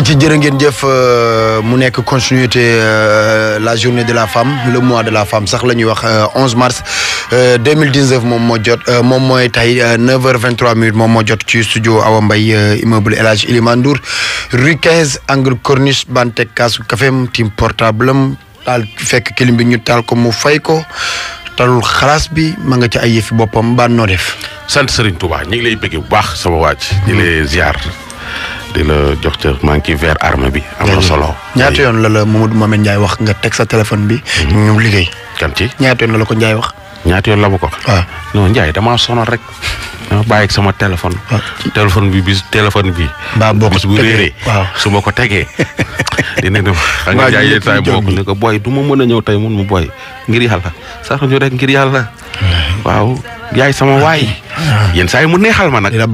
ay ci jërë ngeen euh, mu continuité euh, la journée de la femme le mois de la femme sax la 11 euh, mars 2019 Mon mois jot à 9 h 23 Mon mois est jot ci studio Awa Mbaye immeuble El Ilimandour, rue 15 angle corniche bante café Café team portable fait que les kilim bi ñu tal ko mu fay ko talul xalaas bi ma nga ci ay yëfi boppam baan noo def sant Serigne Touba ñu lay bu baax sama mm. ziar di la jox ca ver ngi ci bi. am na solo ñaata yoon la la Mamadou Mame Ndiaye wax nga teg sa téléphone bi. Mhm. ñu liggéey. kan ci ñaata yoon la la ko Ndiaye wax. ñaata yoon la bu ko. waaw non Ndiaye damaa sonal rek. dama bàyyi sama téléphone. téléphone bi bis téléphone bi. mbaa boo ko tegee waaw su ma ko tegee. dina dem xam nga ko booy du ma mën a ñëw tey mun mu booy ngir yàlla sax ngir yàlla. waaw yaay sama waay. Ah. yenn saa yi mu neexal ma nag. dina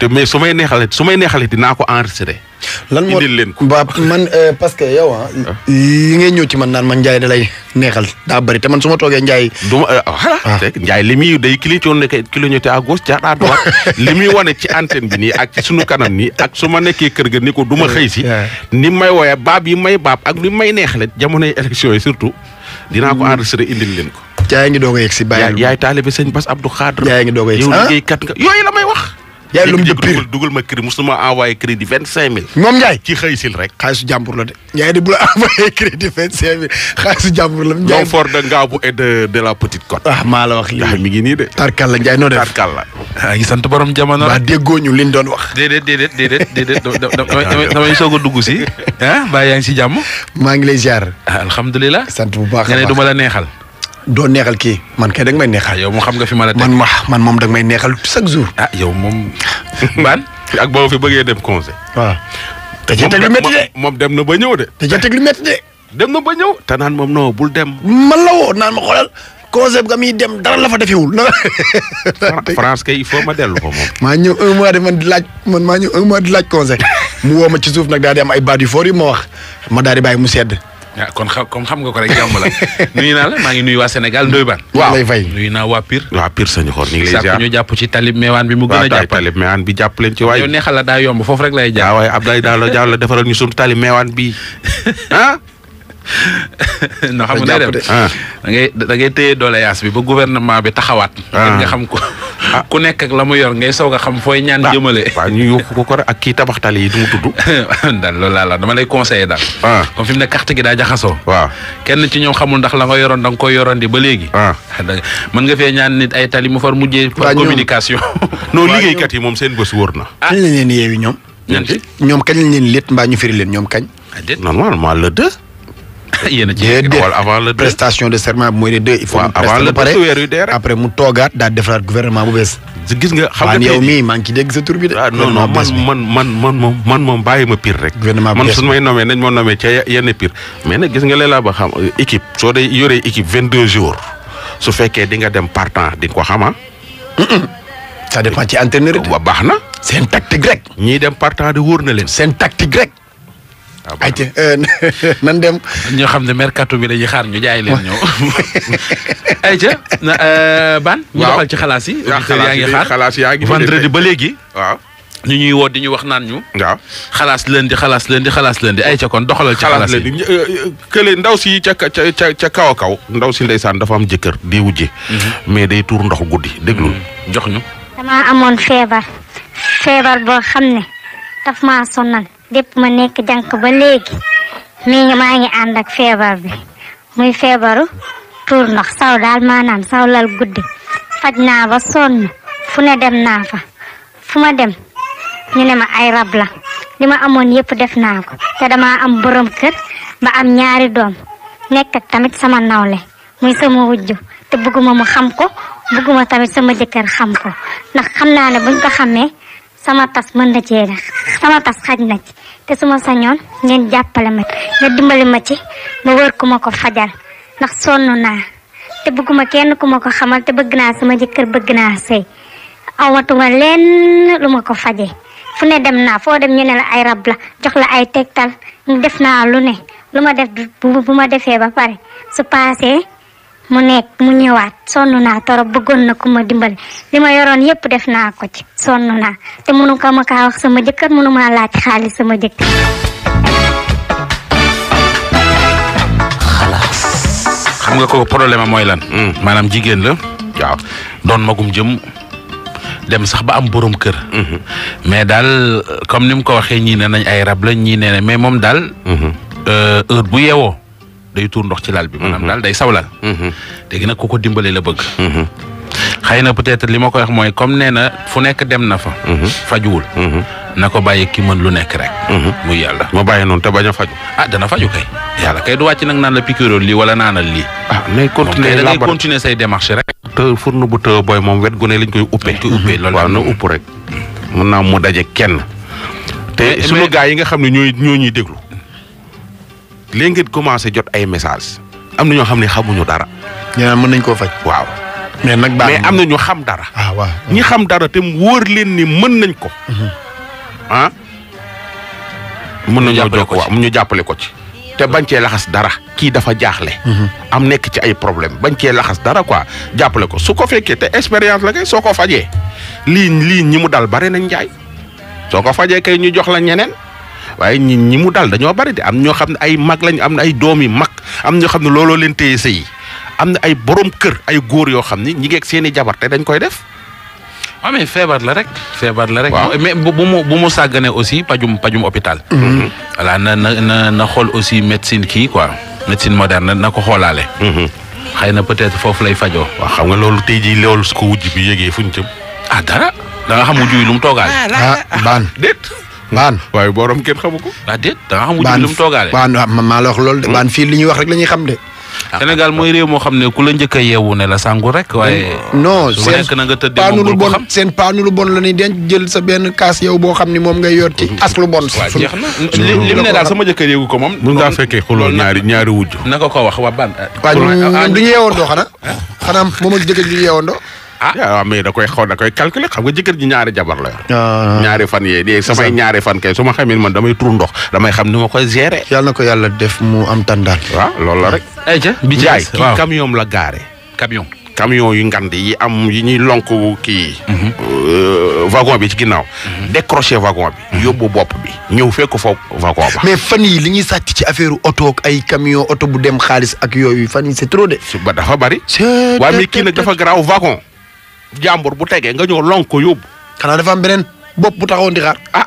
te mais su may neexalee su may neexalee dinaa ko enregistré. lan moo indil leen ko ba man euh, parce que yow ah, ah. yi ngee ñëw ci man naan man Ndiaye da lay neexal daa bëri te man su ma toogee Ndiaye. du ma euh, voilà. Ndiaye li muy day clignoté clignoté à gauche ca à droite li muy wane ci antenne bi nii ak ci sunu kanam nii ak su ma nekkee kër ga ni ko du ma xëy si. ni may woowee baab yi may baab ak li may jamono jamonoy élection yi surtout. dina ko enregistré indil leen ko. yaa ngi doog a yegg si bàyyi yaay taalibe sëñ Bass Abdou Khadre. yaa ngi doog a yegg si yow ah. liggéeykat nga may wax. yaay lu mu de pire dugal ma crédit musuma envoyé crédit vingt cinq mille moom Ndiaye ci xëy sil rek xaalisu jàmbur la de Ndiaye di bu la envoyé crédit vingt cinq mille xaalisu jàmbur la Ndiaye fort de Ngaabu et de de la Petite Côte ah maa la wax lii ah, mi ngi nii de tarkal la Ndiaye noo def tarkal la ah ngi sant borom jamono ba déggoo ñu liñ doon wax déedéet déedéet déedéet déedéet damay soog a dugg si ah mbaa yaa ngi si jàmm ngi lay ziar ah, alhamdulilah sant bu baax nga ne la neexal do neexal ki man kay dag may neexal yow mo xam nga fi mala man ma man mom dag may neexal chaque jour ah yow mom man, ak bo fi beugé dem conseil wa te jëntek lu metti de mom dem na ba ñew de te jëntek lu metti de dem na ba ñew ta nan mom no bul dem man la wo nan ma xolal concept gami dem dara la fa defewul france kay il faut ma delu ko mom ma ñew un mois de man laaj man ma ñew un mois di laaj conseil mu ma ci souf nak daal di am ay baat yu fort yu ma wax ma daal di bay mu sedd waaw ah, kon xam comme xam nga ko rek jàmm la nuyu naa la maa ngi nuyu wa Sénégal Ndoye Bane. waaw lay na nuyu naa waa Pire. waa Pire sañu xool ñu ngi lay jaar ñu jàpp ci talib meewaan bi mu gën a jàppale talib meewaan bi jàpp leen ci waay. yow neexal la daa yomb foofu rek lay jaar waaye Abdoulaye daal la daal la defaral ñu sunu talib meewaan bi ah no xam nga dem ah. da ngay da ngay téye doléance bi ba gouvernement bi taxawaat. Ah. nga xam ko ah. ku nekk ak la mu yor ngay soog a xam fooy ñaan jëmale. waaw ñu yóbbu ko ko ak kii tabax tali yi du mu tudd. daal loolu laa la dama lay conseiller daal. comme fi mu ne carte gi daa jaxasoo. waaw kenn ci ñoom xamul ndax la nga yoroon da koy yoroon di ba léegi. mën nga fee ñaan nit ay tali mu far mujjee. par communication. non liggéeykat yi moom seen bës wóor na. kañ lañ leen yeewi ñoom. ñan ci ñoom kañ lañ leen létt mbaa ñu firi leen ñoom kañ. normalement le deux yéen a ci wala avant le prestation de serment bi mooy ne deux il faut avant le pare après mu toogaat daal defaraat gouvernement bu bees gis nga xam nga yow mii maa ngi ci dégg sa tur bi de ah, non non man man man moom man moom bàyyi ma pire rek man suñu may nommé nañ ma nommé ca yenn pire mais nag gis nga léeg-léeg ba xam euh, équipe soo dee yoree équipe vingt deux jours su fekkee di nga dem partant di nga ko xama ah. ça dépend ci entraîneur ba baax na seen tactique rek ñii dem partant di wóor na leen seen tactique rek waaw ah, ayca euh, nan dem. ñoo xam ne mercato bi dañuy xaar ñu jaay leen ñëw. ayca na euh, ban. ñu doxal ci xalaas yi. Ah, auditeurs yaa ngi xaar yaa ngi vendredi ba léegi. waaw ñu ñuy woo di ñu wax naan ñu. waaw xalaas leen di xalaas leen di xalaas leen di ca kon doxalal. ci xalaas leen di euh, kële ndaw si ca ca ca kaw kaw. ndaw si ndeysaan dafa am jëkkër di wujje. Mhm. mais day tuur ndox guddi déglul mhm. jox ñu. damaa amoon feebar. feebar boo xam ne daf maa sonal. dip ma nekk jànk ba léegi mi ngi andak ngi ànd ak feebar bi muy febaru tuur nak saw daal maanaam saw lal guddi fajna ba son fu ne dem naa fa fu dem ñu ne ma ay rab la lima amone yep def naa ko te dama am borom keur ba am ñaari dom nek ak tamit sama nawle muy sama wujju te bëgguma mu xam ko bëgguma tamit sama jëkkeer xam ko ndax xamna ne buñ ko xamé sama tas mën na cee sama tas xaj na ci te su ma sañoon ngeen jàppale ma nga dimbali ma ci ma wër ku ma ko fajal ndax sonn naa te bëgguma kenn ku ma ko xamal te bëgg naa sama jëkkër bëgg naa sëy awatuma lenn lu ma ko faje fu ne dem naa foo dem ñu ne la ay rab la jox la ay tegtal def naa lu ne lu ma def bu ma defee ba pare su paasee mu nekk mu ñëwaat sonn naa torop bëggoon na ku ma dimbali li ma yoroon yépp def naa ko ci sonn naa te mënu ko ma kaa wax sama jëkkër mënu maa laaj xaalis sama jëkkër. xalaas xam nga ko problème a mooy lan. Hmm. maanaam jigéen la. waaw doon magum jëm dem sax ba am boroom kër. Hmm. mais daal comme ni mu ko waxee ñii ne nañ ay rab la ñii ne mais moom daal. Hmm. Euh, heure bu yeewoo. day tuur ndox ci lal bi. maanaam daal mhm. day sawlal. Mhm. léegi nag ku ko dimbale la bëgg. Mhm. xëy na peut-être li ma koy wax mooy comme nee na fu nekk dem na fa. fajuwul. na ko bàyyi ki mën lu nekk rek. muy yàlla. ma bàyyi noonu te bañ a ah, dana faju kay. du wàcc nag naan la piqûre lii wala naanal lii. ah mais continuer da ngay continuer say rek. te fourne booy moom wet gu ne lañ koy uppee. lañ koy uppee loolu waaw na upp rek. mën naa mu daje kenn. te sunu gaa yi nga xam ne ñooy ñoo ñuy déglu. léegi ngeen commencé jot ay message am na ñoo xam ne xamuñu dara. ñaan mën nañ koo faj. waaw mais nag baax mais am na ñu xam dara. ah waaw ñi xam dara te wóor leen ni mën nañ ko. Mhm. ah. mën nañoo jokkoo waaw mën ñu jàppale ko ci. te bañ cee laxas dara kii dafa jaaxle. Mhm. am nekk ci ay problème bañ cee laxas dara quoi jàppale ko su ko fekkee te expérience la kay soo ko fajee lii lii ñi mu dal bare nañ njaay soo ko fajee kay ñu jox la ñeneen. waaye ñi ñi mu dal dañoo bari de am ñoo xam ne ay mag lañ am na ay doom yi mag am ñoo xam ne looloo leen téye sëy am na ay boroom kër ay góor yoo xam ni ñi ngeeg seen i jabar te dañ koy def. am mais feebar la rek. feebar la rek. mais bu mu bu mu sàgganee aussi pajum pajum hôpital. Mm-hmm. voilà na na na na xool aussi médecine kii quoi médecine moderne na ko xoolaale. Mm-hmm. xëy na peut-être foofu lay fajo waaw xam nga loolu tey jii loolu su ko wujj bi yëgee fuñ jëm. a ah, dara da xam wujj yi lu mu toogaal. Ah, ah, baan baan waaye booram kenn xamu ko. ah déet da nga xamul lu mu toogaale. baan waaw ah, la wax loolu de. Hmm? baan fii li ñuy rek la xam de. Ah, Sénégal ah, mooy réew xam ne ku a yeewu ne la sangu rek waaye. Hmm? non seen paanu lu bon seen paanu lu la ñuy denc jël sa benn kaas yow boo xam ni moom ngay yorti as lu bon. waaw jeex na li mu daal sama jëkkër yéegu ko moom. mun ngaa fekkee xuloon ñaari ñaari wujj. na ko ko wax waa ban. waaw ñun du ñu yeewandoo xanaa xanaa moom ak ah waaw mais da koy xaw da koy calculer xam nga jëkkër ji ñaari jabar la yor ah. ñaari fan yee dee samay ñaari fan kay su ma xamee man damay tur ndox damay xam ni ma koy gérer yàlla na ko yàlla def mu am tàndaal waaw ah, loolu la rek ayca eh, bi ci kii camion la gaare camion camion yu ngand yi am yi ñuy lonk kii mhm. euh, wagon bi ci ginnaaw mhm. décroché wagon bi mhm. yóbbu bopp bi ñëw fekk foofu wagon mais fan yi li ñuy sàcc ci affaire oto ak ay camion oto bu dem xaalis ak yooyu fan yi c'est trop de ba dafa bari waaye mais kii nag dafa garaaw wagon jambur bu tege nga ñoo lonk ko yob xanaa dafa am benen bop bu taxaw di xaar ah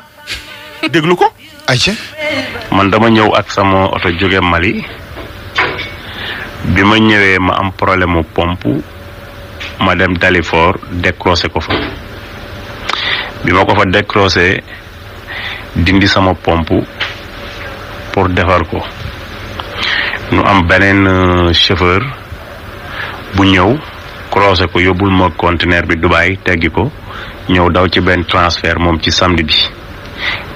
deglu ko. ayca. man dama ñew ak sama auto joge Mali bima ma ma am problème mu pompe ma dem dalifor décroché ko fa bima ko fa dindi sama pompe pour défar ko nu am benen euh, chauffeur bu ñew croisé ko yóbbul ma conteneur bi Dubaay teggi ko ñëw daw ci benn transfert moom ci samdi bi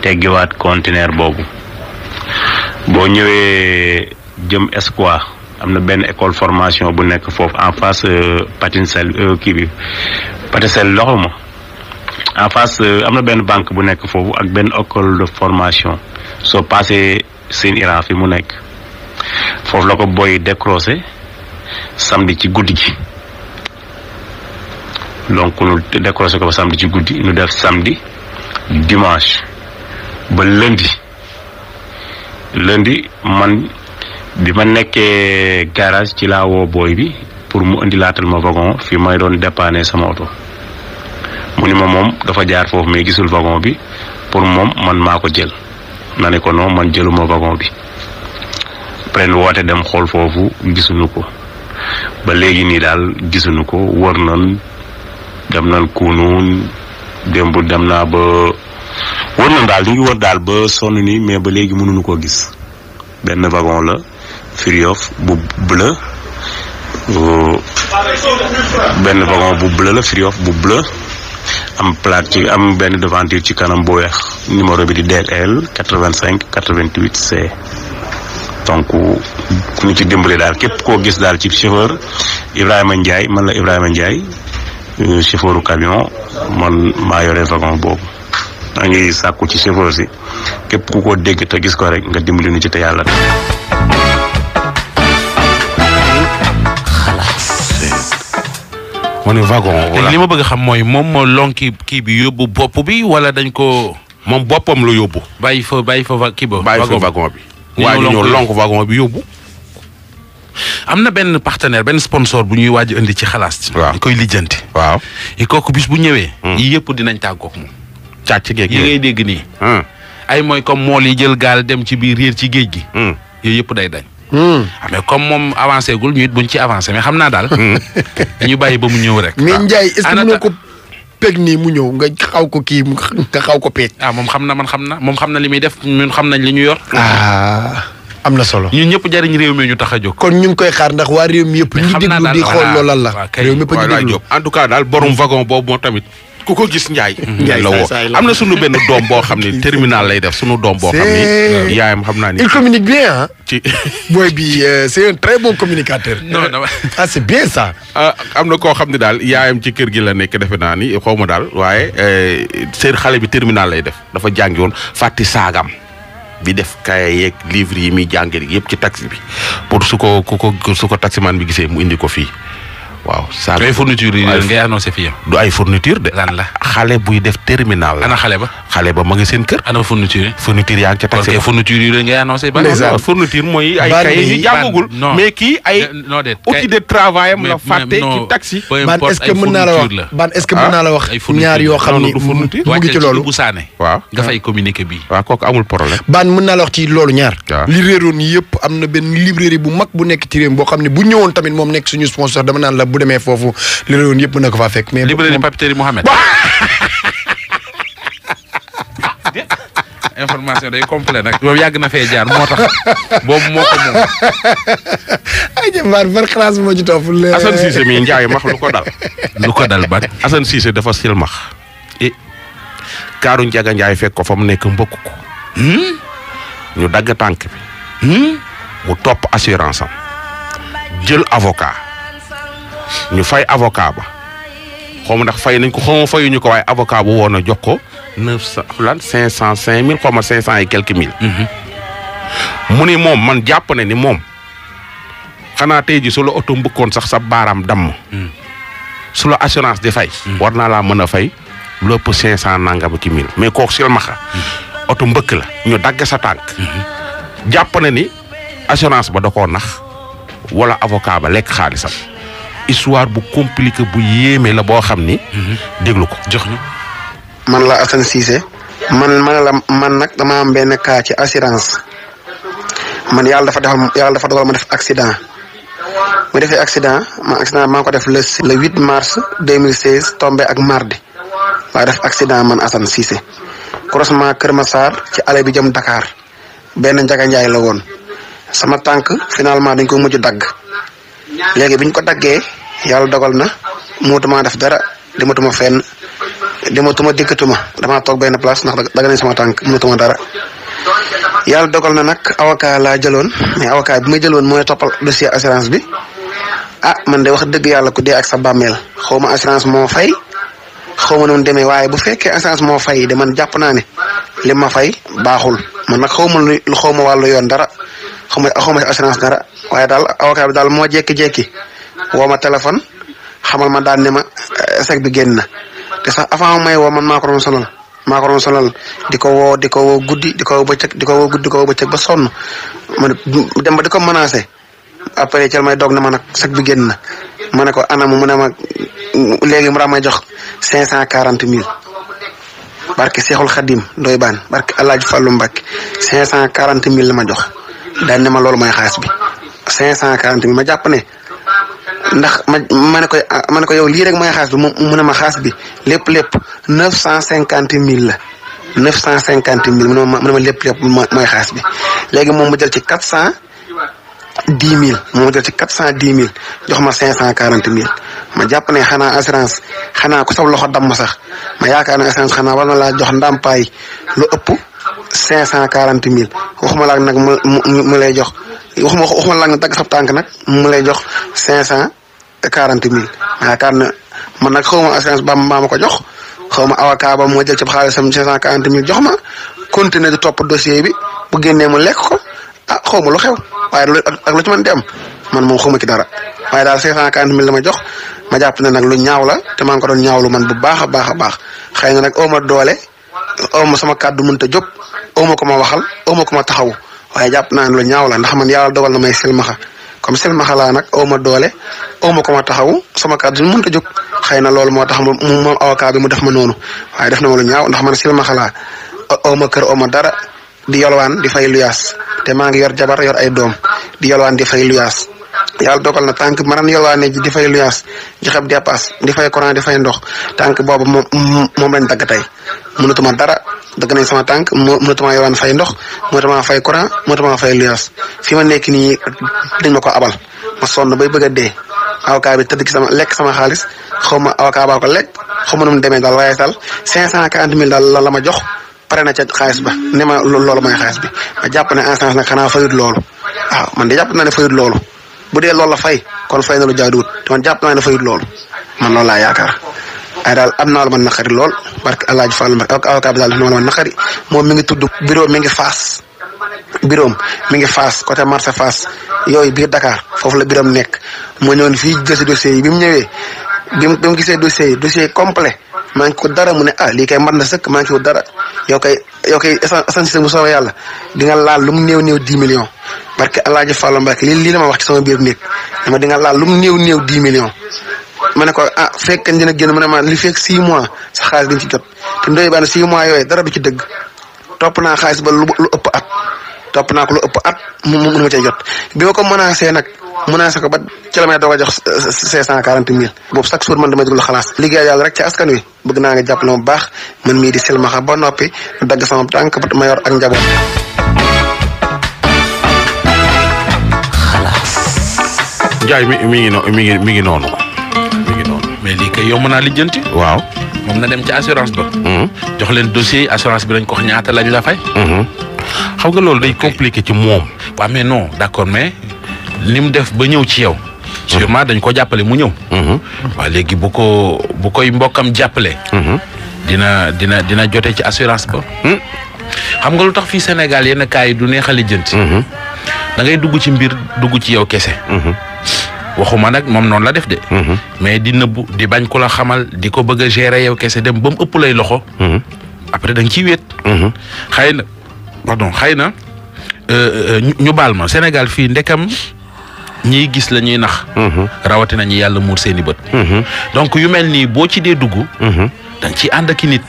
teggiwaat conteneur boobu boo ñëwee jëm Espoir am na benn école formation bu nekk foofu en face euh, patinsel euh, kii bi patinsel loxo ma en face euh, am na benn banque bu nekk foofu ak benn école de formation soo passé seen Iran fi mu nekk foofu la ko booy décroché samedi ci guddi gi donc ñu décroché ko ba samedi ci guddi ñu def samedi dimanche ba lundi lundi man bi ma nekkee garage ci laawo booy bi pour mu indi laatal ma wagon fi may doon dépanner sama oto mu ni ma moom dafa jaar foofu mais gisul wagon bi pour moom man maa ko jël na ne ko non man jëluma wagon bi pren woote dem xool foofu gisuñu ko ba léegi nii daal gisuñu ko wër nañ dem nañ kunun demb dem naa ba wër dal ni li dal ba sonu ni mais ba léegi mënuñu koo gis ben wagon la friof bu bleu euh, ben wagon bu bleu la friof bu bleu am plaque ci am ben devanture ci kanam bu wex numéro bi di DL 85 88 C donc ku ñu ci dimbali dal kep ko gis dal ci chauffeur Ibrahima Ndiaye man la Ibrahima Ndiaye Euh, chauffeuru camion man maa yore wagon boobu maa ngi sàkku ci chauffeur si képp ku ko dégg te gis ko rek nga dimbali nu ci te yàlla mu ne wagon li ma bëgg xam mooy moom moo lonki kii bi yóbbu bopp bi wala dañ ko moom boppam la yóbbu bàyyi fa bàyyi fa kii ba bàyyi fa wagon bi waaye ñoo lonk wagon bi yóbbu am na benn partenaire benn sponsor bu ñuy waaj indi ci xalaas. waaw ñu koy lijjanti. waaw yi kooku bis bu ñëwee. yii hmm. yëpp dinañ tàggoog moom. càcc geeg yi ngay dégg nii. Hmm. ay mooy comme mool yi jël gaal dem ci biir réer ci géej gi. Hmm. yooyu yëpp day dañ. Ah, mais comme moom avancé gul ñu it buñ ci avancé mais xam naa daal. dañu bàyyi ba mu ñëw rek. mais Ndiaye est ko peg nii mu ñëw nga xaw ko kii nga xaw ko peeg. ah moom xam na man xam na moom xam na li muy def ñun xam nañ li ñu yor. Ah. am na solo ñun ñëpp jariñ réew mi ñu tax a jóg. kon ñu ngi koy xaar ndax waa réew mi yëpp. ñu déglu di xool loolal la réew mi yëpp ñu déglu en tout cas daal borom wagon boobu moo tamit. ku ko gis Ndiaye. Mm-hmm. Ndiaye la am na sunu benn doom boo xam ne terminal lay def sunu doom boo yaayam xam naa ni. il communique bien a ci booy bi euh, c'est un très bon communicateur. non non ah c'est bien ça. Ah, am na koo xam ne daal yaayam ci kër gi la nekk defe naa ni xaw ma daal waaye euh, seen xale bi terminal lay def dafa jàngi woon fàtti saagam. di def kaye yeeg livre yi muy jàngale yëpp ci taxi bi pour su ko ku ko su ko taximaan bi gisee mu indi ko fii waaw un ay fourniture yi ngay annoncé fi du ay fourniture de lan la xalé buy def terminal la ana xalé ba y ba ma ngi seen kër ana fourniture fourniture yaa ngi ca taxi fourniture yi ngay annoncé ba fourniture mooy ay kay yu jàngugul mais kii ay outil de travail am la fàtte ci taxi ban est ce que mën naa la ah? wax ban est ce que mën naa la wax ñaar yoo xam ni mu ngi ci loolu il y waaw nga fay communiqué bi waaw kooku amul problème ban mën naa la wax ci loolu ñaar li réeroon yëpp am na benn librairie bu mag bu nekk ci réew a xam bu ñëwoon tamit moom nekk suñu sponsor dama naan la bu demee fofu li réewoon yëpp mën na ko faa fekk. mais libéré papeterie mohammed information day complet nak boobu yag na fay jaar motax tax moko moo ay je ay bar class mo ci top le Assane cisse mi Ndiaye mak lu ko dal. lu ko dal bat Assane cisse dafa mak eh karu Ndiaga Ndiaye fek ko fam nek nekk ko hmm ñu dag tank bi. Hmm? mu top assurance am. jël avocat. ñu fay avocat ba xaw ma ndax fay nañ ko xaw ma fayuñu ko waaye avocat bu woon a jox ko neuf cent lan cinq cent cinq mille ma cinq cent et quelques mhm. mu ni moom man jàpp ne ni moom xanaa tey ji su la oto mbëkkoon sax sa baaraam damm. Mhm. su la assurance di fay. Mhm. war naa laa mën a fay lu ëpp cinq cent nangam ci mille mais kooku silmaxa oto mbëkk la ñu dagg sa tànk. jàpp ne ni assurance ba da koo nax wala avocat ba lekk xaalisam. histoire bu compliqué bu yéeme la boo xam ni. Mhm. déglu ko jox ñu. man la Assane Cissé. man man la man nag dama am benn cas ci assurance. man yàlla dafa defal yàlla dafa dogal ma def accident. ma defee accident ma accident maa ko def le le huit mars 2016 tombé ak mardi. laa def accident man Assane Cissé. croisement Kër Massar ci allée bi jëm Dakar. benn njaga njaay la woon. sama tànk finalement dañ ko mujj dagg legi biñ ko daggee yalla dogal na muutuma def dara dimatuma fenn dimatuma dikkatuma dama tok ben place ndax daga nañ sama tank mënatuma dara yalla dogal na nak awaka la jëloon mais awaka bima ma moy topal dossier assurance bi ah man de wax deug yalla ku dee ak sa bàmmeel xawma assurance mo fay xaw ma noonu demee waaye bu fekkee assurance moo fay de man jàpp naa ne li ma fay baaxul man nag xaw ma lu xaw ma wàllu yoon dara xaw ma xaw ma assurance dara waaye daal avocat bi daal moo jékki-jékki woo ma téléphone xamal ma daal ne ma eh, sec bi génn na te sax avant may woo man maa ko doon sonal maa di ko woo di ko woo guddi di ko woo di ko woo guddi di ko woo bëccëg ba sonn man dem ba di ko menacé après cel may doog na ma nag sec bi génn na ma ne ko anam mu ne ma léegi mu ma jox cinq cent quarante mille barke Seexul Xadim doy baan barke El Hadj Fallou Mbacke cinq cent quarante mille ma jox daan ne ma loolu mooy xaalis bi cinq cent quarante ma jàpp ne ndax ma ma ne ko ma ne ko yow lii rek mooy xaalis bi mu ne ma xaalis bi lépp lépp neuf cent cinquante mille la neuf cent cinquante mille mu ne ma lépp lépp mooy xaas bi léegi moom mu ci quatre cent. dix mille moo jël ci quatre cent dix mille jox ma cinq cent quarante mille ma jàpp ne xanaa assurance xanaa ku sa loxo ma sax ma yaakaar ne assurance xanaa war na laa jox ndàmpaay lu ëpp cinq cent quarante mille ma laag nag mu mu mu lay jox waxuma waxuma laag nag dagg sab tànk nag mu lay jox cinq cent quarante mille ma yaakaar ne man nag xaw ma assurance ba ma ko jox xaw ma avocat ba moo jël ci xaalisam cinq cent quarante mille jox ma continuer di topp dossier bi bu génnee mu lekk ko. ah xaw ma lu xew ak lu ci di am man moom xawma ci dara waaye daal cinq cent quarante la ma jox ma jàpp ne nag lu ñaaw la te maa ngi ko doon ñaawlu man bu baax a baax a baax xëy na nag oo ma doole ma sama kàddu mënta jóg ma ko ma waxal ma ko ma taxawu waaye jàpp naa ne lu ñaaw la ndax man yàlla dogal na may silmaxa comme silmaxa laa nag oo ma doole oo ma ko ma taxawu sama kàddu ta jóg xëy na loolu moo tax mu moom avocat mu def ma noonu waaye def na ma lu ñaaw ndax man silmaxa laa oo ma kër oo ma dara. di yolwaan di fay luyaas te maa ngi yor jabar yor ay doom di yolwaan di fay luyaas yàlla dogal na tànk ma daan yolwaane ji di fay luyaas joxeb dépasse di fay courant di fay ndox tànk boobu moom moom lañ dagg tey mënatuma dara dagg nañ sama tànk mënatuma yolwaan fay ndox mënatuma fay courant mënatuma fay luyaas fi ma nekk nii dañ ma ko abal ma sonn bay bëgg a dee avocat bi tëdd ci sama lekk sama xaalis xaw ma avocat baa ko lekk xaw ma nu mu demee daal waaye daal cinq cent quarante mille daal la ma jox pare na ca xaalis ba ne ma loolu mooy xaalis bi ma jàpp na instance nag xanaa fayut loolu man de jàpp naa ne fayut loolu bu dee loolu la fay kon fay na lu jaaduwut te man jàpp naa ne fayut loolu man loolu yaakaar. ay daal am naa lu ma naqari lool barke El Hadj Fall ak avocat bi daal def moom mi ngi tudd bureau mi ngi faas bureau mi ngi faas côté marché faas yooyu biir dakaar foofu la biram nekk moo ñëwoon fii jël yi bi mu ñëwee bi mu gisee dossiers yi dossier complet maa ngi ko dara mu ne ah lii kay mën na sëkk maa ngi ko dara yow kay yow kay essence si bu yàlla di laal lu mu néew néew dix millions parce que El Hadj Fallou lii lii ma wax ci sama biir néeg dama di nga laal lu mu néew néew dix millions. ma ne ko ah fekk kañ dina génn mu ne ma li fekk six mois sa xaalis dañ ci jot te ndoy baan six mois yooyu dara du ci dëgg topp naa xaalis ba lu ëpp at. top na ko lu upp at mu mu ma cay jot bi ma ko menacer nak menacer ko ba ci la may doog jox 540000 cent sax sour man dama jugul khalas liggéey yalla rek ci askan wi bëgg na nga jàppale ma baax man mi di selma silmaxa ba nopi dag sama tank ba mayor ak njaboot Njaay mi mi ngi no mi ngi mi ngi nonu mi ngi noonu mais li kay yomb li lijjanti waaw mom na dem ci assurance ba hmm jox len dossier assurance bi lañ ko xñata lañ la fay hmm xam nga loolu day compliqué ci moom. waaw mais non d'accord mais li mu def ba ñëw ci yow. sûrement dañ ko jàppale mu ñëw. Mhm. waa léegi bu ko bu koy mbokkam jàppale. Mhm. dina dina dina jote ci assurance ba. Hmm. xam nga lu tax fii Sénégal yenn kaay yi du neexali jënt. Mhm. da ngay dugg ci mbir dugg ci yow kese. waxuma nag moom noonu la def de. mais di nëbbu di bañ ku la xamal di ko bëgg a gérer kese dem ba mu ëpp lay loxo. après da ci ciy wéet. na pardon xëy na euh, euh, ñu baal ma Sénégal fii ndekam ñiy gis la ñuy nax. Mhm. rawatina ñi yàlla muur seen i bët. Mhm. donc yu mel nii boo ci dee dugg. Mhm. da nga ànd ak i nit.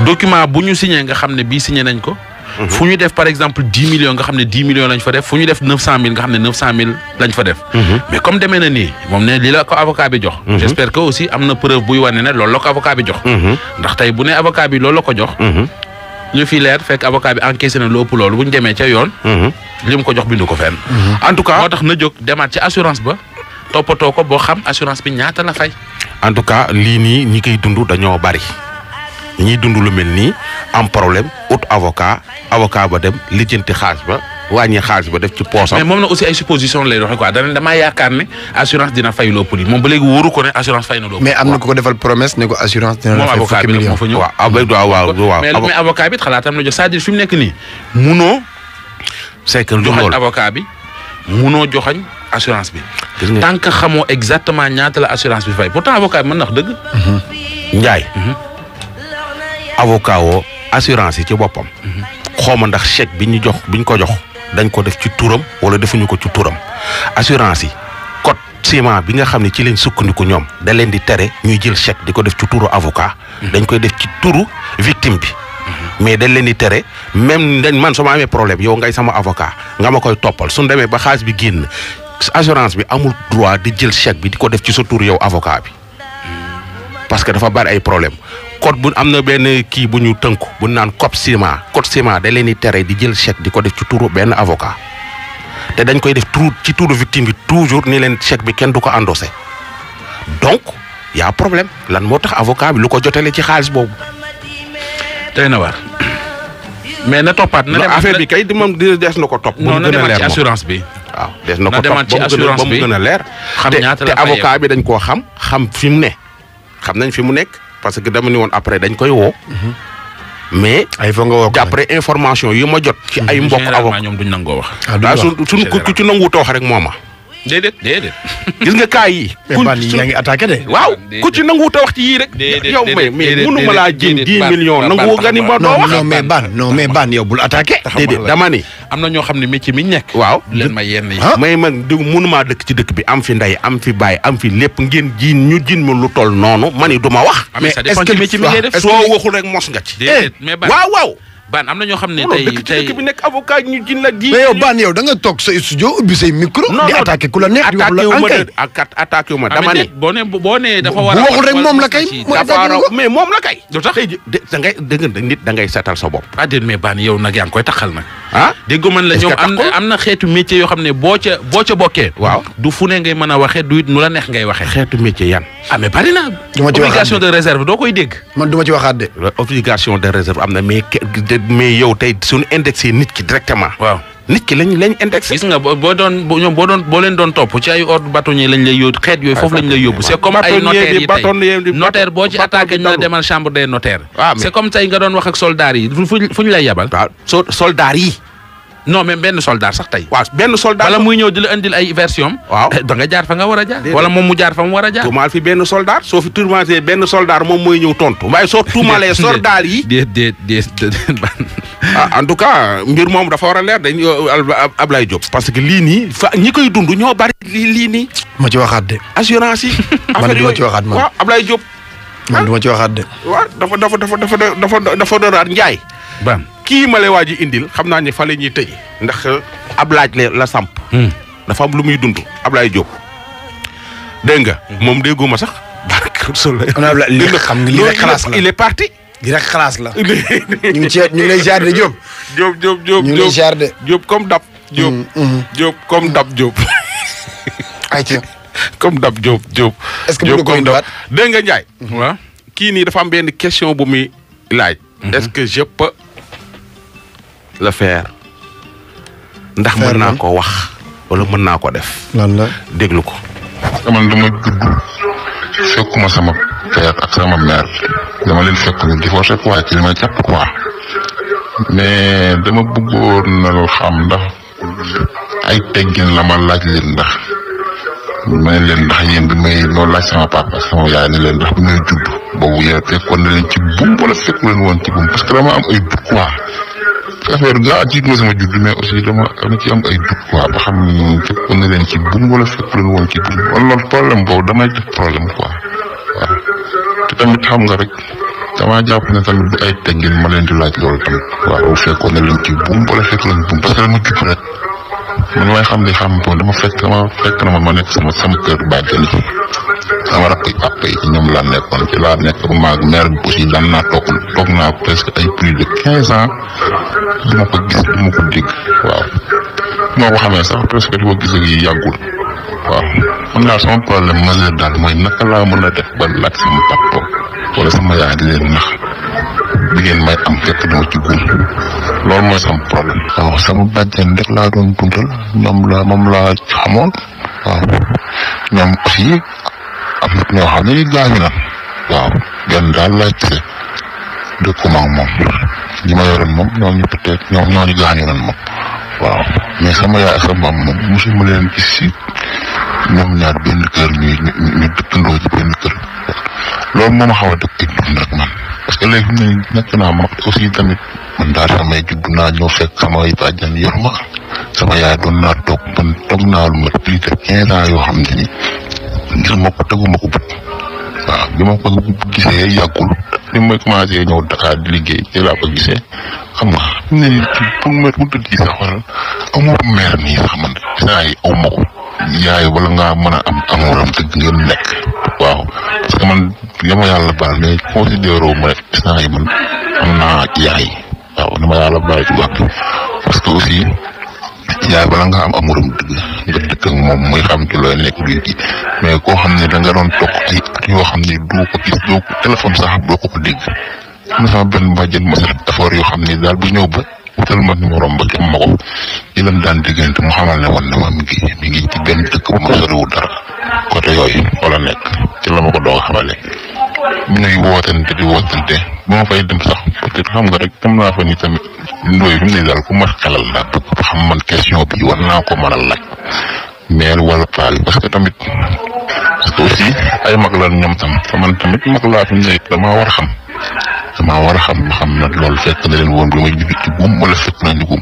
document bu ñu signé nga xam ne bii signé nañ ko. fu ñu def par exemple dix millions nga xam ne dix millions lañ fa def fu ñu def neuf cent mille nga mais comme demee na nii moom ne lii la jox. j' que aussi am na preuve buy wane ne loolu la ko avocat bi jox. ndax tey bu ne avocat bi loolu la ko jox. ñu fi leer fekk avocat bi encaissé na lopp loolu buñu ñu demee ca yoon. Mhm. li mu ko jox bindu ko fenn. Mhm. en tout cas moo tax na jóg demaat ci assurance ba toppatoo ko boo xam assurance bi ñaata la fay. en tout cas lii nii ñi koy dund dañoo bari ñi dund lu mel nii am problème ut avocat avocat ba dem lijjanti xaalis ba. wàññi xaalis bo def ci poosam. mais moom na aussi ay supposition lay doxee quoi dana damaa yaakaar ne assurance dina fay loo pëli moom ba léegi wóoru ko ne assurance fay na loo. mais am na ku ko defal promesse ne ko assurance. dina la fay fukki bi ah, mais avocat jox cest munoo. joxañ assurance bi. tant que xamoo exactement ñaatala assurance bi fay pourtant avocat bi mën na wax dëgg. Mhm. Ndiaye. Mhm. avocat woo assurance yi ci boppam. Mhm. xawma ndax chèque bi ñu jox bi ñu ko jox. dañ ko def ci turam wala defuñu ko ci turam assurance yi code ciment bi nga xamni ne ci lañ sukkandiku ñom da leen di téré ñuy jël chèque diko def ci turu avocat mm-hmm. dañ koy def ci turu victime bi mm-hmm. mais dañ leen di téré même dañ man sama amé problème yow ngay sama avocat nga ma koy topal suñu démé ba xaalis bi génn assurance bi amul droit di jël chèque bi diko def ci sa tour yow avocat bi mm-hmm. parce que dafa bari ay problème code bu am na benn kii bu ñu tënku bu naan code ciment code ciment da leen di tere di jël chèque di ko def ci turu benn avocat te dañ koy def turu ci turu victime bi toujours ni leen chèque bi kenn du ko endossé donc y' problème lan moo tax avocat bi lu ko jotele ci xaalis boobu. tey na war mais na toppaat na dem affaire bi kay moom des na ko top bu mu gën a leer moom non na demaat ci assurance bi. waaw ba mu gën a leer. xam ñaata la te avocat bi dañ koo xam xam fi mu ne xam nañ fi mu nekk. parce que dama ni woon après dañ koy woo. mais. ay fa nga woo d'après information yu ma jot. ci mm-hmm. ay mbokk avocat ñoom duñ nangoo wax. ah ku ci nanguwut a rek mooma déedéet déedéet. gis nga kaay yi. kuñ mais yaa ngi attaqué de. waaw ku ci nanguwut a wax ci yii rek. déedéet yow mais mais munu ma laa jiñ dix millions nanguwu nga ni ma doo wax. non mais ban yow bul attaqué. déedéet dama ni. am na ñoo xam ne métier mi ñu nekk. waaw leen ma yenn yi. mais du munu dëkk ci dëkk bi am fi ndey am fi baay am fi lépp ngeen jiin ñu jiin ma lu toll noonu ma ni du ma wax. Ah, mais est-ce que métier mi ngay def soo waxul rek mos nga ci. Eh, waaw waaw. baan am na ñoo xam ne tey tey dëkk bi nekk avocat ñu jin la di mais yow baan yow da nga toog sa studio ubbi say micro di attaqué a waxul a de réserve doo koy dégg man du ma ci de obligation de réserve am na mais mais yow tey suñu indexé nit ki directement. waaw nit ki lañ lañ indexé. gis nga boo doon ñoom boo doon boo leen doon topp ci ay ordre bâtonnier lañ lay yóbbu xeet yooyu foofu lañ lay yóbbu. Ah, c'est comme ay notaires yi tey notaire boo ci attaqué ñu la demal chambre des notaires. Ah, c'est comme tey nga doon wax ak soldats yi fu ñu lay yabal. waaw soldats yi. non même ben soldat sax tay waaw ben soldat wala muy ñew di la indil ay version waaw eh, da nga jaar fa nga wara jaar wala mom mu jaar fa mu wara jaar tumal fi ben soldat soo fi tourmenté ben soldat mom moy ñew tontu may so tumalé soldat yi de de de en tout cas mbir mom dafa war a leer dañ euh, ablay job parce que li ni ñi koy dund ñoo bari li lii nii ma ci waxat de assurance yi man du ma ci waxat man ablay job man du ah. ma ci waxat de waaw dafa dafa dafa dafa dafa dafa doonaat njaay baam kii ma lay waa ji indil xam naa ne fa la ñuy tëj ndax euh, ab laaj la la samp hmm. dafa lu muy dund Ablaye Diop dégg nga hmm. moom dégguma sax barke solo li xam il est parti li rek la ñu ngi ci ñu ngi lay jaar comme dab Diop Diop comme dab Diop hmm, ay est-ce que bu ko indiwaat dégg nga Ndiaye waaw kii nii dafa am benn question bu muy laaj est-ce que je le faire ndax mën naa ko wax wala mën naa ko def lan la déglu ko man dama judd ma sama père ak sama mère dama leen fekk ñu divorcé quoi ci dama jàpp quoi mais dama bëggoon na xam ndax ay teggin la ma laaj leen ndax ma ne leen ndax yéen bi may noo laaj sama papa sama yaay ne leen ndax bi may judd boobu yéen fekkoon na leen ci bum wala fekku leen woon ci bum parce que dama am ay quoi affaire bi ah tiit nga sama dama dama ci am ay dugg quoi ba xam ni na leen ci buum wala fekk leen woon ci buum wala loolu problème boobu damay def problème quoi te tamit xam nga rek damaa jàpp na tamit du ay teggin ma leen di laaj loolu tamit waaw fekkoon na leen ci buum wala fekk leen buum parce que dama judd rek man may xam li xam bon dama fekk dama fekk na ma ma nekk sama sama kër bàjjali sama rakk yi papa yi ci ñoom laa nekkoon ci laa nekk maag mère bi aussi daan naa toog toog naa presque ay plus de quinze ans du ma ko gis du ma ko dégg waaw moo ko xamee sax presque li ma gis ak yi daal sama problème majeur daal mooy naka laa mën a def ba laaj sama papa wala sama yaay leen nax bi ngeen may am fekk dama ci guum loolu mooy sama problème. waaw sama bàjjen rek laa doon dundal ñoom la moom laa xamoon waaw ñoom aussi. ak nit ñoo xam ne nit gaañ na waaw genn daal laajte dëkkuma ak moom ñi ma yoroon moom ñoom ñu peut être ñoom ñoo ñu gaañu nañ moom waaw mais sama yaay ak sama maam moom mosuma leen gis si ñoom ñaar benn kër ñuy ñu dëkkandoo ci benn kër loolu moom xaw a dëkk ak dund man parce que léegi fi mu nekk ma aussi tamit man daal samay judd naa ñëw fekk sama yor ma sama doon lu ma plus de ans gis ma ko teguma ko bët waaw bi ma ko gisee yàggul li may commencé ñëw Dakar di liggéey ci laa ko xam nga ne pour mu pour tëdd ci sax wala amoo meer a am amooram dëgg ngeen lekk waaw am naa yaay parce que aussi yaa bala nga am amurum a dëkk moom muy xam ci looy nekk luy ji mais koo xam ne da nga doon toog a at xam ne doo ko gis doo sax a ko ko dégg am na sama benn bàjjen ma def effort yoo xam ne daal bu ñëw ba utal ma numéro ba jox ma ko di leen daan mu xamal ne woon na ma mi ngi mi ngi ci benn dëkk bu ma soriwul dara côté yooyu wala nekk ci la ma ko doog xamale ñuy wootante di wootante ba ma fay dem sax peut-être xam nga rek tam naa fa ni tamit ndooy fi mu ne daal ku ma xelal laa bëgg man question bi naa ko mën a laaj meel wala paal parce tamit parce que aussi ay mag la ñoom tam te man tamit mag laa fi mu ne damaa war xam damaa war a xam xam na loolu fekk na leen woon lu may jubit ci guum wala fekk na ñu guum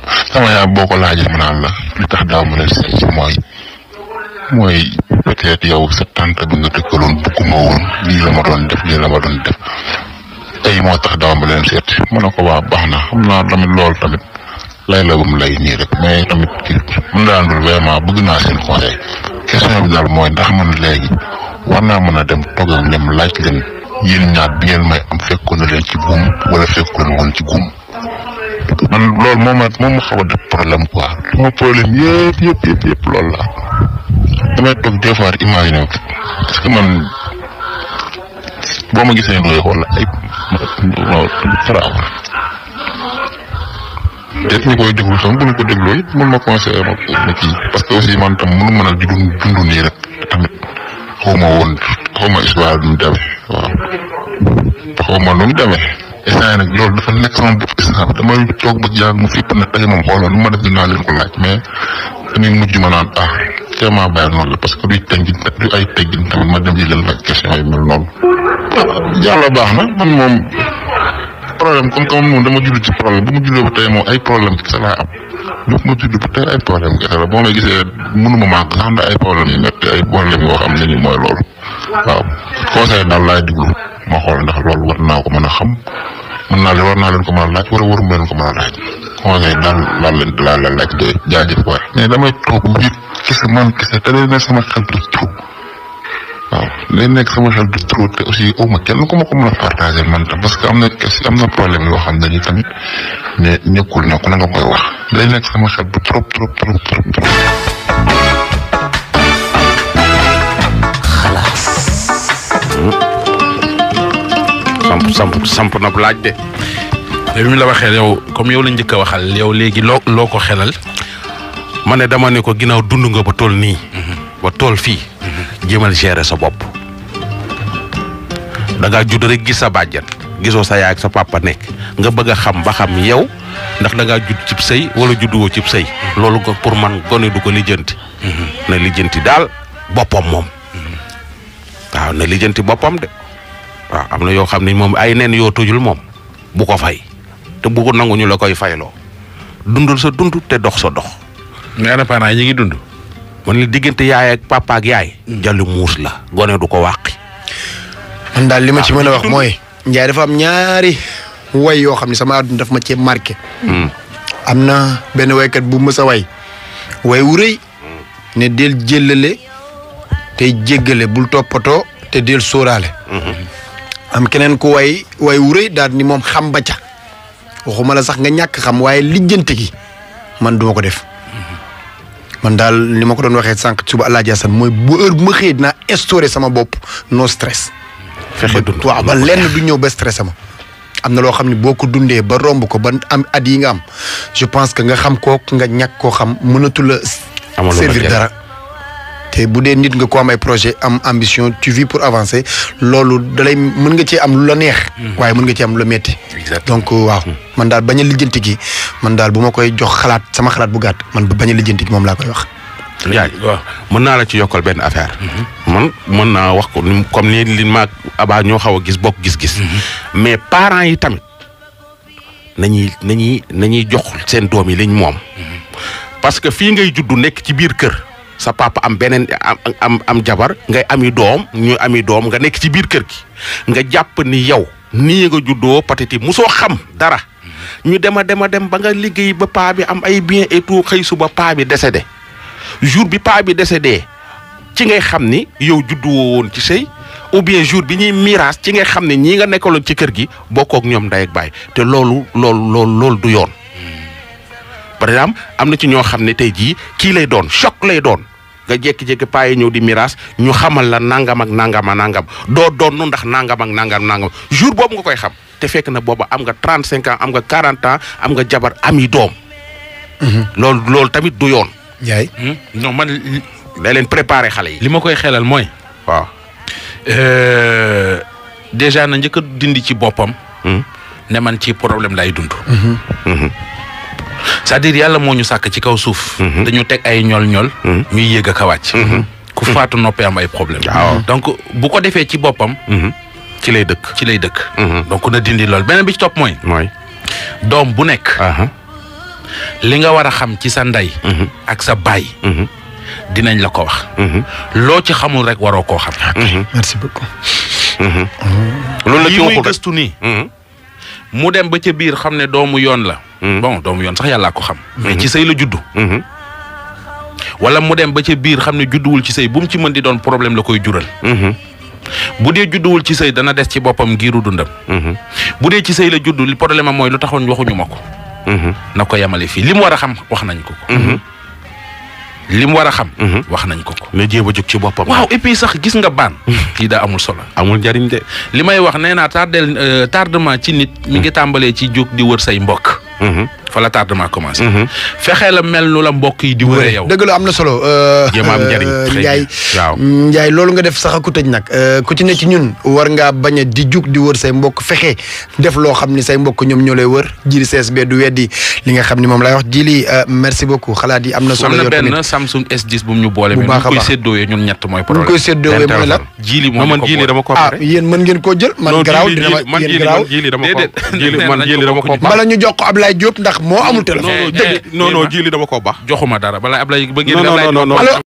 boo ko laajee ma naan la li tax daaw ma leen say mooy peut-être yow sa tante bi nga dëkkaloon bugguma woon lii la ma doon def li la ma doon def tey moo tax ma leen seet mën na ko wa baax na xam naa tamit lool tamit lay la bum lay nii rek mais tamit kii mën bëgg naa seen conseil question bi daal mooy ndax man léegi war naa mën a dem toog ak dem laaj leen yéen ñaar bi ngeen may am fekkoon na leen ci guum wala fekkoon na woon ci guum. man loolu moom moom ma xaw a def problème quoi. sama problème yëpp yëpp yëpp yëpp loolu la. damay toog des fois imaginer ko parce que man boo ma gisee looy xool ay xaraaw te ñu koy déglu tam bu ñu ko dégloo it mën ma conseillé ma ma kii parce que aussi man tam mënu mënal di dund dund nii rek tamit xaw ma woon histoire bi mu demee waaw xaw ma nu mu dafa nekk sama bopp instant damay toog ba jàng mu fipp na tey moom xoolal nu ma def dinaa leen ko laaj mais dañuy mujj ma naan ah vraiment bàyyi noonu la parce que duy teggin du ay teggin tamit ma dem jëlal la question yi mel noonu. yàlla baax na man moom problème comme comme moom dama judd ci problème bu ma juddoo ba moom ay problème kese laa am bu ma judd ba tey ay problème kese la boo may gisee mënuma màgg sax ndax ay problème yu met ay problème yoo xam ne ni mooy loolu waaw conseil daal laay déglu ma xool ndax lool war naa ko mën a xam mën naa leen war naa leen ko mën na laaj wala waruma leen ko mën a laaj. moo ngay naan loolu lañ la laaj de jaajëf waay damay toog mbir kese man kese te day nekk sama xel du trop nekk sama xel trop te aussi aw ma kenn ku ma ko mën man tam parce que am na kese am na problème yoo xam ne ni tamit ne nekkul na ku ne koy wax day nekk sama xel du trop trop trop trop trop. xalaas. Hmm. samp samp samp na laaj te bi la waxee yow comme yow la njëkk a waxal yow léegi loo loo ko xelal. ma ne dama ne ko ginnaaw dund nga ba tool nii. Mhm. ba tool fii. Mhm. jéemal gérer sa bopp. da judd rek gis sa bàjjan gisoo sa yaay ak sa papa nekk nga bëgg a xam ba xam yow ndax da ngaa judd cib sëy wala judduwoo ci sëy. Mhm. loolu ko pour man gone du ko lijjanti. na lijjanti daal boppam moom. waaw na lijjanti boppam de waaw am na yoo xam ne moom ay nen yoo tojul moom bu ko fay. te bu ko nangu ñu la koy faylo dundul sa dundu te dox sa dox. neena ana parents ngi dundu man li digënté yaay ak papa ak yaay. Hmm. jallu mous la goné du ko wàqi. man dal li ma ah, ci mëna wax moy Ndiaye dafa am ñaari way yo xamni ne sama àdduna daf ma ci marqué. Hmm. amna ben way kat bu ma sa way way wu reuy hmm. ne del jëlale te jéggalé bul topato te del am keneen ku way way wu reuy dal ni mom xam ba ca. waxuma la sax nga ñàkk xam waaye lijjante gi man duma ko def man daal ni ma ko doon waxee sànq suba Alaaji Asan mooy bu heure ma xëyee dinaa instauré sama bopp no stress. fexe dund waaw ba lenn du ñëw ba stress sama. am na loo xam ne boo ko dundee ba romb ko ba am at yi nga am je pense que nga xam koo nga ñàkk koo xam mënatu la. servir dara. te bu dee nit nga ko am projet am ambition tu vis pour avancer loolu dalay mën nga cee am lu la neex. Hmm. waaye mën nga ci am lu la metti donc euh, waaw hmm. man daal bañ a lijjanti gi man daal bu ma koy jox xalaat sama xalaat bu gàtt man bañ a lijjanti moom laa koy wax. yaay waaw mën naa la ci yokkal benn affaire. Hmm. man mën naa wax ko comme ni li ma abaa ñoo xaw a gis book gis-gis. mais parent yi tamit nañuy nañuy nañuy jox seen doom yi liñ moom. parce que fii ngay juddu nekk ci biir kër. sa papa am beneen am am jabar ngay ami doom ñu ami doom nga nekk ci biir kër gi nga jàpp ni yow nii nga juddoo patati musoo xam dara ñu dem a dem a dem ba nga liggéey ba paa bi am ay bien et tout xëy suba paa bi décédé jour bi paa bi décédé ci ngay xam ni yow judduwoo woon ci sëy ou bien jour bi ñuy miraas ci ngay xam ne ñii nga nekkaloon ci kër gi boo kook ñoom day ak baay te loolu loolu loolu du yoon par exemple am na ci ñoo xam ne tey jii kii lay doon choc lay doon nga jékki-jékki paa yi ñëw di miraas ñu xamal la nangam ak nangam ak nangam doo doon ndax nangam ak nangam nangam jour boobu nga koy xam te fekk na booba am nga 35 ans am nga 40 ans am nga jabar am yi doom. Mhm. lool loolu tamit du yoon. yaay hmm? non man. da leen xale yi. li ma koy xelal mooy. waaw. Euh, déjà na njëkk a dindi ci boppam. Hmm? ne man ci problème lay dund. Mhm. Mhm. c'est-à-dire yàlla moo ñu sàkk ci kaw suuf. Mhm. dañu teg ay ñol-ñol. Mhm. ñuy yéeg ak a wàcc. Mhm. ku faatu noppé am ay problème donc bu ko defee ci boppam. ci lay dëkk ci lay dëkk. donc na dindi lool benen bi ci topp mooy. mooy doom bu nekk. li nga war a xam ci sa ndey. ak sa baay. dinañ la ko wax. loo ci xamul rek waroo koo xam. merci beaucoup. loolu la ci waxul rek nii. mu dem ba ca biir xam ne doomu yoon la. Hmm. bon doomu yoon sax yàllaa ko xam. Hmm. mais ci sëy la juddu. Hmm. wala mu dem ba ca biir xam ne judduwul ci sëy bu mu ci mën di doon problème la koy jural. bu dee judduwul ci sëy dana des ci boppam giiru dundam. bu dee ci sëy la juddu li problème mooy lu taxoon waxuñu ma ko. na ko yemale fii li mu war a xam wax nañ ko. li mu war a xam. Mhm. wax nañ ko ko. na a jóg ci boppam. waaw et puis sax gis nga baan. Mhm. kii daa amul solo. amul njariñ de. li may wax nee naa tardel euh, tardement ci nit. mi ngi mhm. tàmbalee ci jóg di wër say mbokk. fa la tardement commencé. Mhm. fexe la mel nu la mbokk yi di wëree yow. dëgg la am na solo. Euh, jéem a am njëriñ euh, Ndiaye waaw mm, Ndiaye loolu nga def sax ku tëj nag euh, ku ci ne ci ñun war ngaa bañ di jug di wër say mbokk fexe def loo xam ni say mbokk ñoom ñoo wër jiri CSB du weddi li nga xam ni lay wax jili merci beaucoup xalaat yi am solo. yow tamit Samsung S10 bu mu ñu boole. bu baax a baax mais nu ñu koy séddoowee ñun ñett mooy problème. ñu koy séddoowee mooy lan jili moom man jili dama ko ah yéen mën ngeen koo jël man garaaw dama yéen garaaw déedéet man jili dama ko bala ñu jox ko Diop ndax moo amul téléphone. Eh, dëgg eh, non non ji li dama koo baax. joxuma dara balaa Ablaye ba génn Ablaye